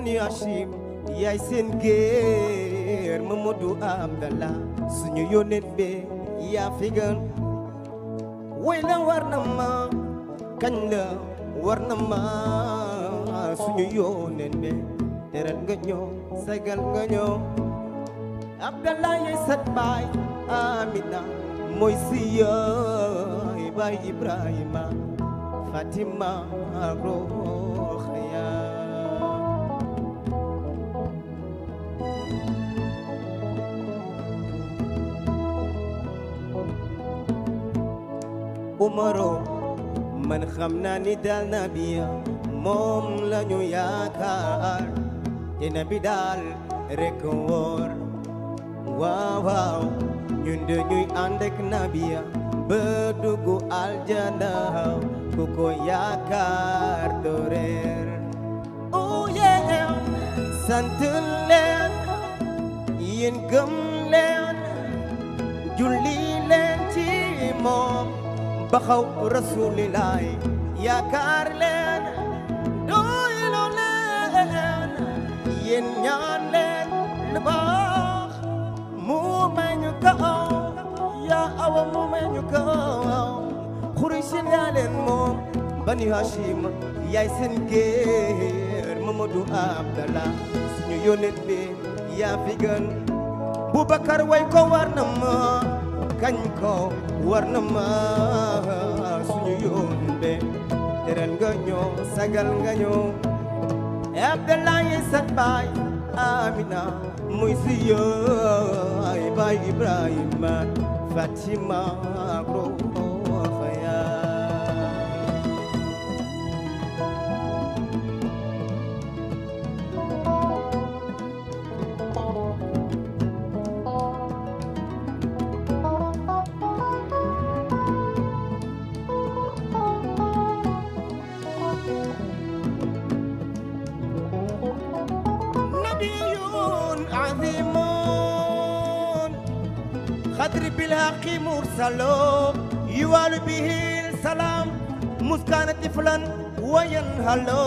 man Hachim yaay seen géer Mamadou Abdallah suñu yónnent be yaa fi gën way war na ma kañ la war na ma suñu yónnent be teral nga sagal nga ñëw Abdallah sat baay Amina mooy si yaay Ibrahima Fatima Ro umaro man xam naa ni dal nabiya mom moom la ñu yaakaar dina bi daal rek wóor waaw waaw ñun de ñuy ànd nabiya ba dugg aljana ku ko yaakaar doo oh yeah sant leen yéen gëm leen julli leen ci moom ba xaw rasulilaay yaakaar leen doylu leen yéen ñaan leen lu baax mu meñu kaw yaa awa mu meñu kaw xurisin yaa leen moom bani hashim yaay seen géer mamadou abdallah suñu yónent bi yaa fi gën bubakar way ko war na ma kañ ko war na ma sagal nga ñëw Abdoulaye sat baay Amina muy si yaay baay Ibrahima Fatima خدر بالحق مرسلو يوال به السلام مسكان طفلا وينهلو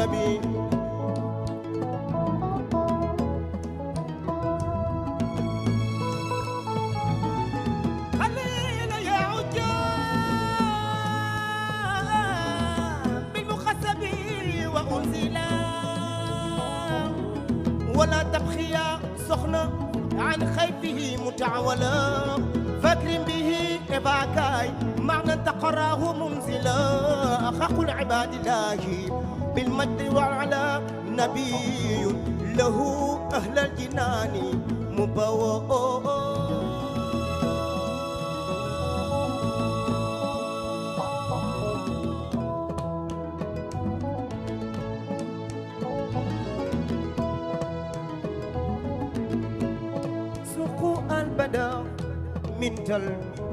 نبي أبخية سخنة عن خيفه متعولة فاكر به إباكاي معنى تقراه منزلا أخاق العباد الله بالمجد وعلى نبي له أهل الجنان مبوأ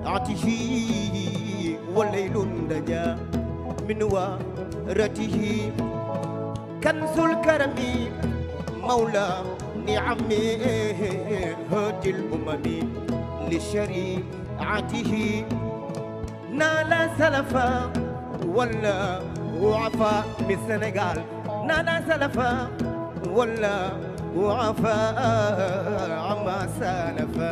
العطش والليل دجا من ورته كنز الكرم مولى نعمه هدي الأمم لشريعته نال سلفا ولا وعفا من السنغال نال سلفا ولا وعفا عما سلفا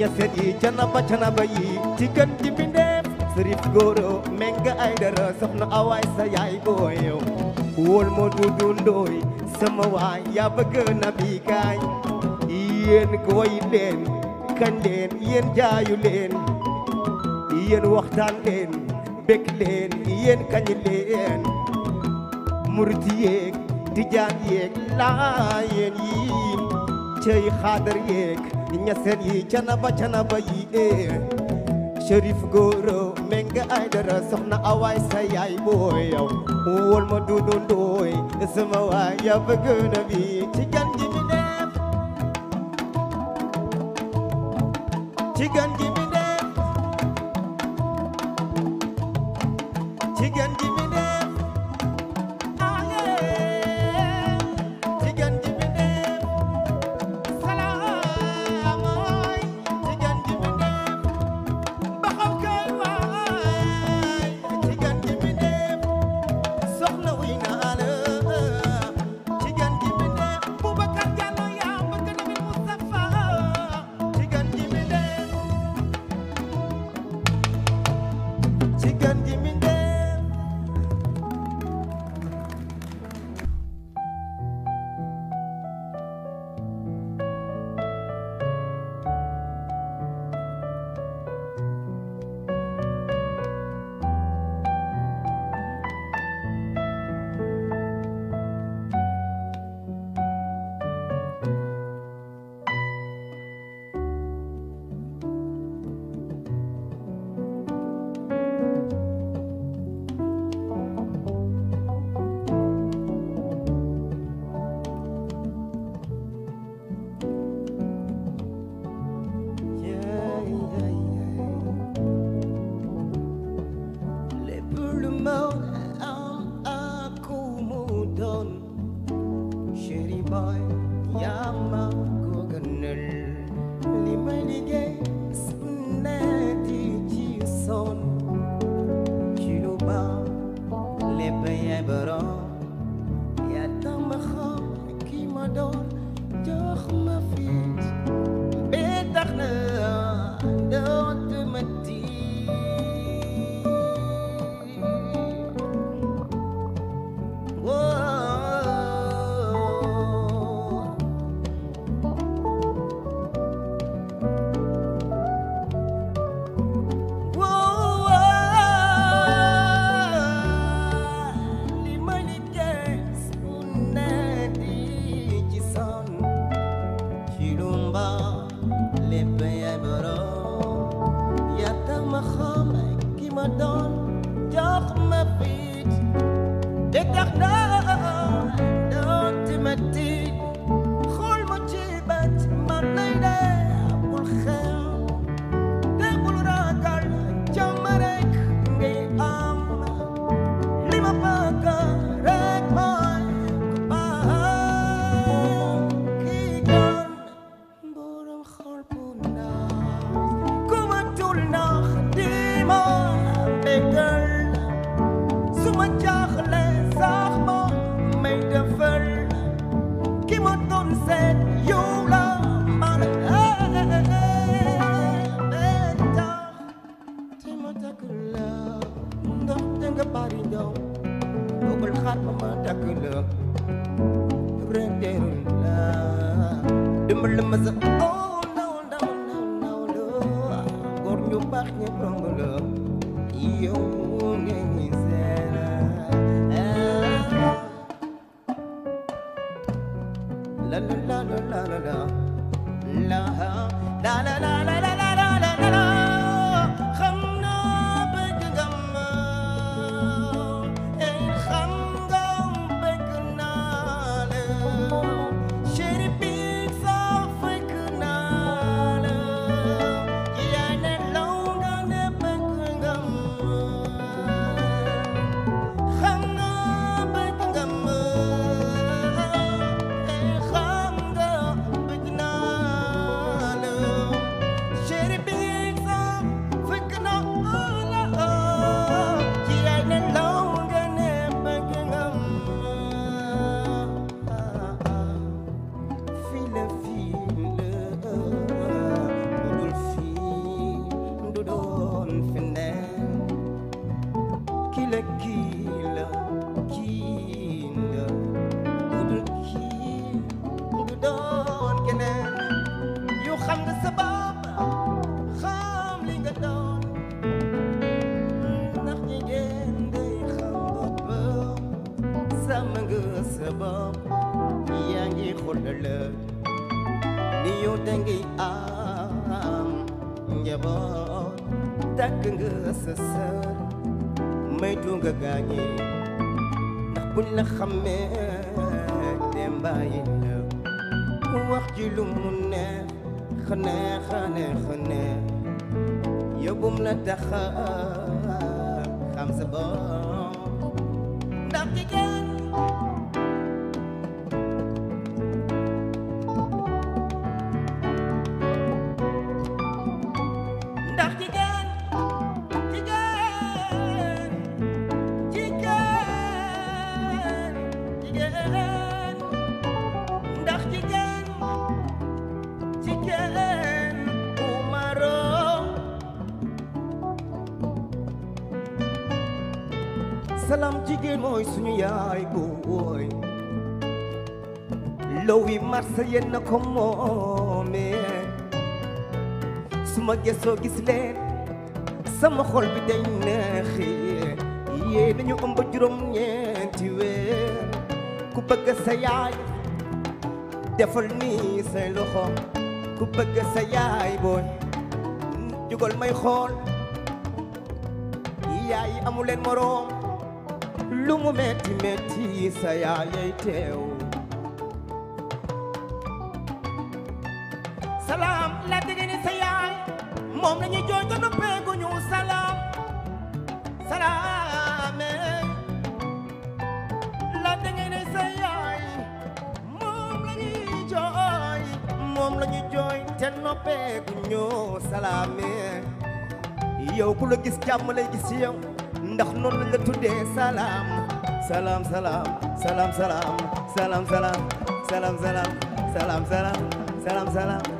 ñaset yi canaba canaba yi ci gën ji mbindeef sërif góoro menga ay dara soxna awaay sa yaay booyew wóol moo dudu sama waay yaa bëgg na bi kaay yéen gooy leen kañ leen yéen jaayu leen yéen waxtaan leen bég leen yéen kañ leen murit yeeg tijaan yeeg laayeen yi cey xaadar yeeg di ñaseen yi canaba canaba yi ee Cherif Gora Menga Aidara soxna awaay sa yaay booy yow wol ma Dudu sama waay ya bëgg bi ci gan gi mi neef ci gan gi Chicken, give me that. a God. La ñëpp romb la la la la la la la la la bor yaa ngi xulala ni yow te ngi am njaboot takk nga sa sër maytu nga gaañe ndax buñ la xammee te mbàyyi la wax ji lu mu neex xaneex xaneex xaneex yóbbum xam sa bor ndax jigéen chicken chicken chicken chicken ndax chicken chicken umaro salam chicken mooy suñu ai booy lowi marsa yenn ko mooy su ma gesoo gis leen sama xol bi day neexi yee dañu ëmb juróom ñeenti weer ku bëgg sa yaay defal nii say loxo ku bëgg sa yaay booy jugal may xool yaay amu leen moroom lu mu metti metti sa yaayay teew moom la ñuy jooy te noppeeguñu salaam salaame la dangay ne sa yaay moom la ñuy jooy moom la ñuy jooy te noppeeguñu salaame yow ku la gis jàmm lay gis yow ndax noonu la nga tuddee salaam salaam salaam salaam salaam salaam salaam salaam salaam salaam salaam salaam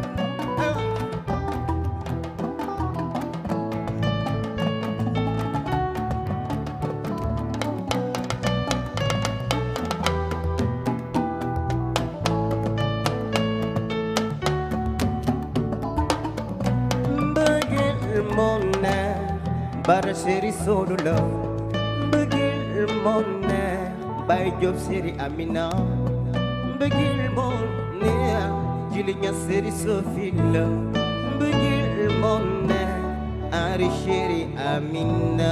séri soodu la mbëggeel moo neex Baye Diop séri Amina mbëggeel moo neex Jili Ñas séri Sofi la mbëggeel moo neex Henri séri Amina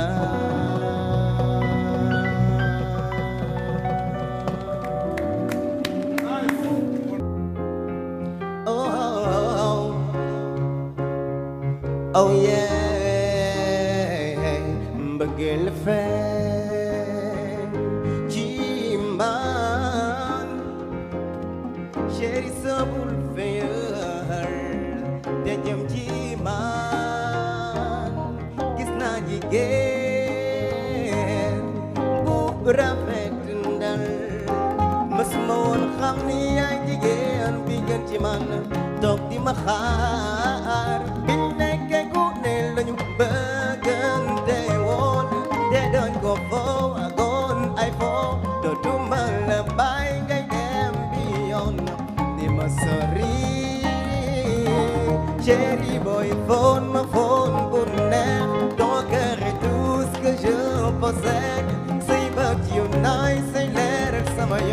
girlfriend Sheri sabul feyar Dejam jiman Gisna jigen Bu rafet ndal Masmawon xam ni yaay jigen bi gën ci man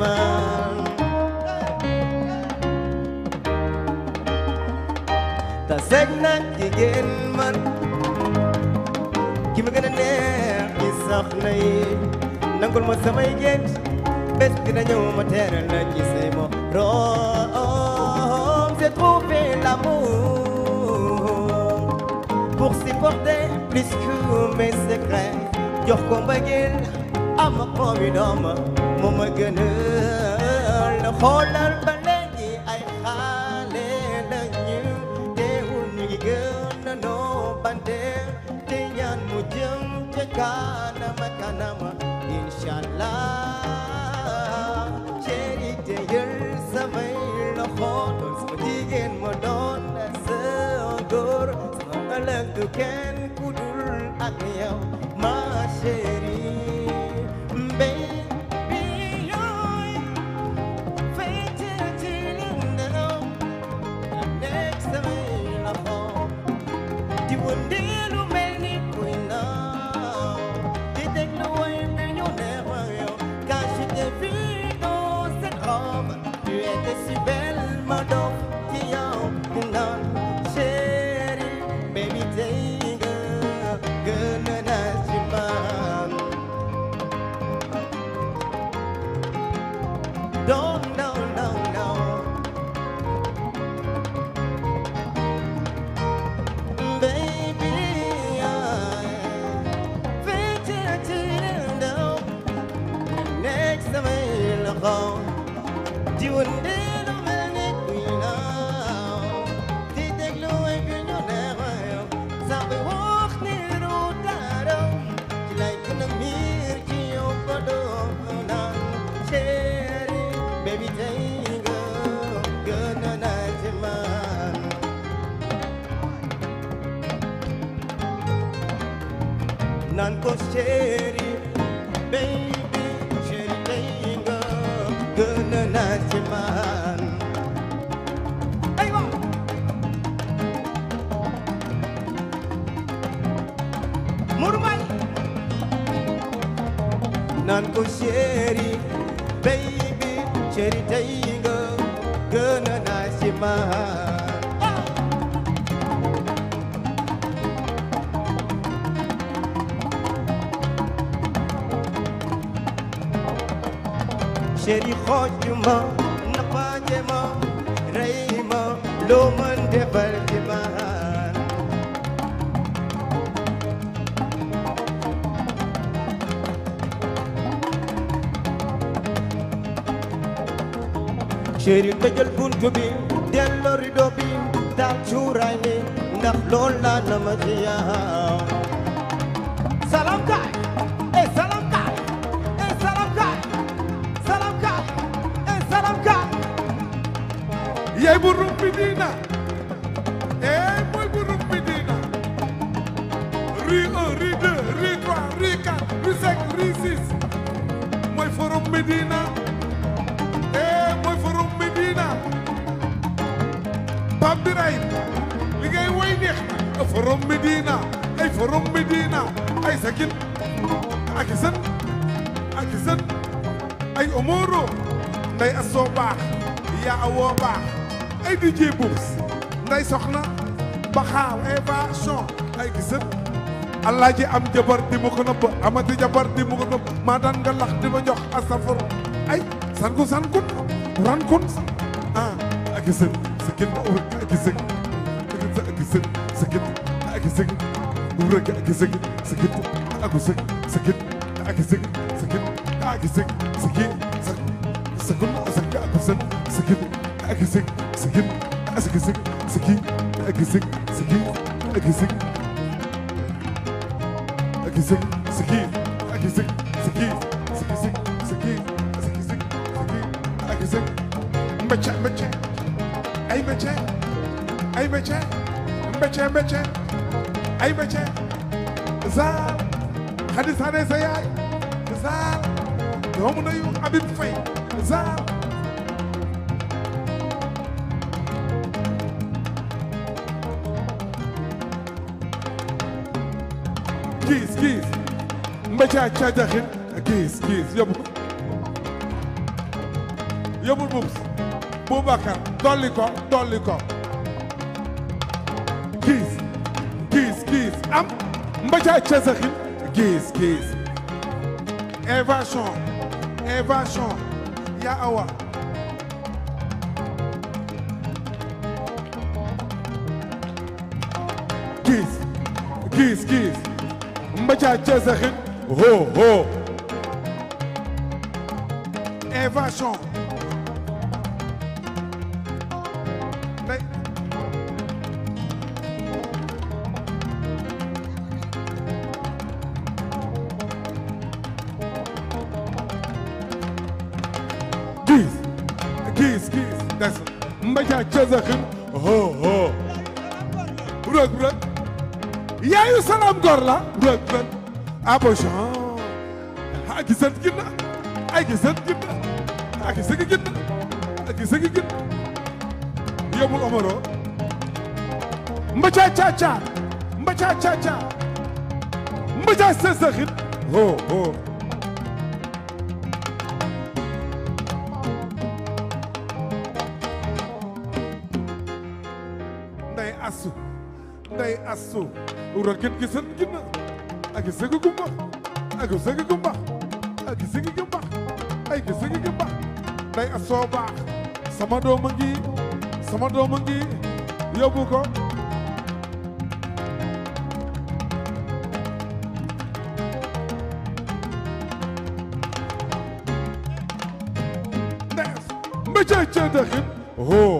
mal. taseeg nag jigéen man ki ma gën a neex ci soxna yi nangul ma samay gént bés dina ñëw ma teeral la ci say mo Rome c'est trouver l'amour pour supporter plus que mes jox ko mbëggeel am ak moom mu ma gënal xoolal ba ay xaale lañu teewul ñu ngi gën a noobante te ñaan mu jëm ca kanama kanama inshallah chéri te yër samay loxo doon sama jigéen ma doon sa góor sama ëllëg du kenn ku dul ak yow ma chéri naan ko chéri baby chéri tey nga gën a naa ci man chéri xooj ma ma rey ma chéri tëjal bunt bi delloo rido bi daal cuuraay mi ndax loolu laa na ma ci yaaw salam kaay eh salam kaay eh salam kaay salam kaay eh salam kaay yey bu rumpi diina eh mooy bu rumpi diina rue 1 rue 2 rue 3 rue 4 rue 5 rue 6 mooy forum Médina Pape Birahim li ngay woy neex na forom Medina ay forom Medina ay sakin ak i ay omoro nday asoo baax yaa awoo baax ay di jee nday soxna baxaaw ay baachon ay gi sën am jabar di ma ko nëbb jabar di ma ko maa daan nga di ma jox asafur ay sankun sankun rankun ah ak i سكن ورقعك سكن رزقك سكن سكن تعك سكن ورقعك سكن سكن تعك سكن سكن تعك سكن سكن تعك سكن سكن سكن سكعك سكن سكن تعك سكن سكن تعك سكن سكن تعك سكن سكن تعك سكن تعك سكن سكن تعك سكن سكن سكن سكن سكن تعك سكن تعك سكن مبتشع مبتشع ay mbécé ay mbécé mbécé mbécé ay mbécé zaal xadi saane sa yaay zaal doomu nayu Abib Fay zaal kiis kiis mbécé a caajaxin kiis kiis yóbbu yóbbul bubs Boubacar dolli ko dolli ko giis giis giis am mbaca casaxin giis giis invention invention yaa awa giis giis giis mbaca casaxin ho ho invention dance mbacha cheza ho ho bırak bırak yayu salam gorla bırak bırak aboşan haki sen gitme haki sen gitme haki sen gitme haki sen gitme yabul amaro mbacha cha cha mbacha cha cha mbacha sesakhin ho ho assu nday assu roket gi sen ginna agi sëgg gu mbax agi sëgg gu mbax agi sëgg gu mbax ay gi sëgg gu mbax nday baax sama dooma ngi sama dooma ngi yóbbu ko nday ass mbécay cee dëxin hoo